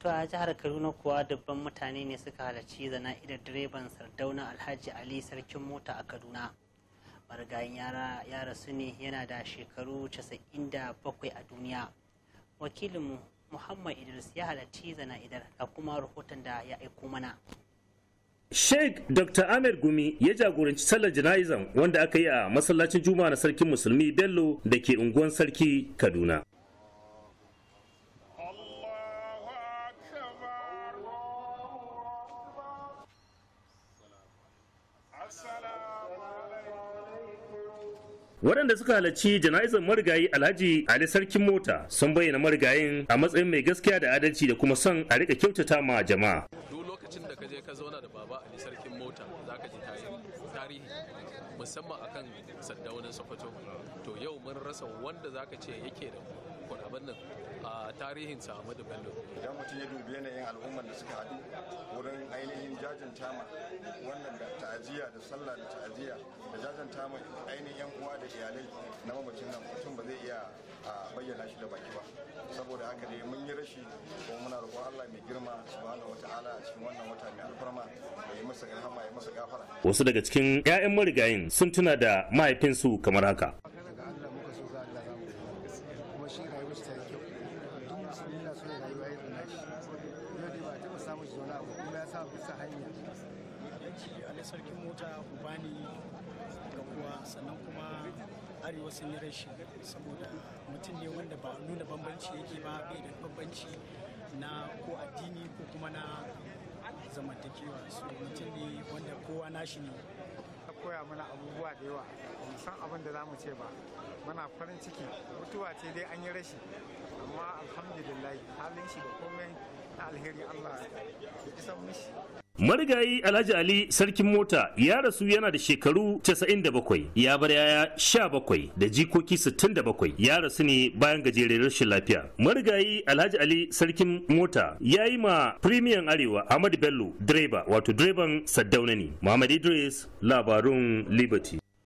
To a jihar Kaduna kuwa dubban mutane ne suka halarci zana ida direban Sardauna Alhaji Ali Sarkin Mota a Kaduna. Marigayin ya rasu ne yana da shekaru 97 a duniya. Wakilinmu Muhammad Idris ya halarci zana idar a kuma rahoton da ya aiko mana. Sheikh Dr. Ahmed Gumi ya jagoranci sallar jana'izan wanda aka yi a masallacin Juma'a na Sarkin Musulmi Bello da ke unguwan Sarki Kaduna. waɗanda suka halarci jana'izar marigayi alhaji ali sarkin mota sun bayyana marigayin a matsayin mai gaskiya da adalci da kuma son a rika kyautata ma jama'a duk lokacin da ka je ka zauna da baba ali sarkin mota za ka ji tarihi musamman akan saddaunin sokoto to yau mun rasa wanda za ka ce yake da abin nan a tarihin sa Ahmadu Bello. Idan mutum ya dubi yanayin al'ummar da suka haɗu wurin ainihin jajin tama wannan da ta'aziyya da sallah da ta'aziyya da kwatanta mai ainihin yan uwa da iyalai na mamacin nan mutum ba zai iya bayyana shi da baki ba saboda haka dai mun yi rashi ko muna roƙon Allah mai girma subhanahu wataala a cikin wannan wata mai alfarma ya yi masa rahama ya masa gafara wasu daga cikin ƴaƴan marigayin sun tuna da mahaifinsu kamar haka sarkin mota ku bani arewa sannan kuma arewa sun yi rashi saboda mutum ne wanda ba nuna bambanci yake ba bai da bambanci na ko addini ko kuma na zamantakewa su mutum ne wanda kowa nashi ne koya mana abubuwa da yawa san abin da za mu ce ba mana farin ciki mutuwa ce dai an yi rashi amma alhamdulillah halin shi da komai na alheri allah ya isa mishi marigayi alhaji ali sarkin mota ya rasu yana da shekaru 97 ya bar yaya 17 da jikoki 67 ya rasu ne bayan gajeren rashin lafiya marigayi alhaji ali sarkin mota ya yi ma premium arewa ahmad bello direba wato direban saddauna ne muhammad idris labarun liberty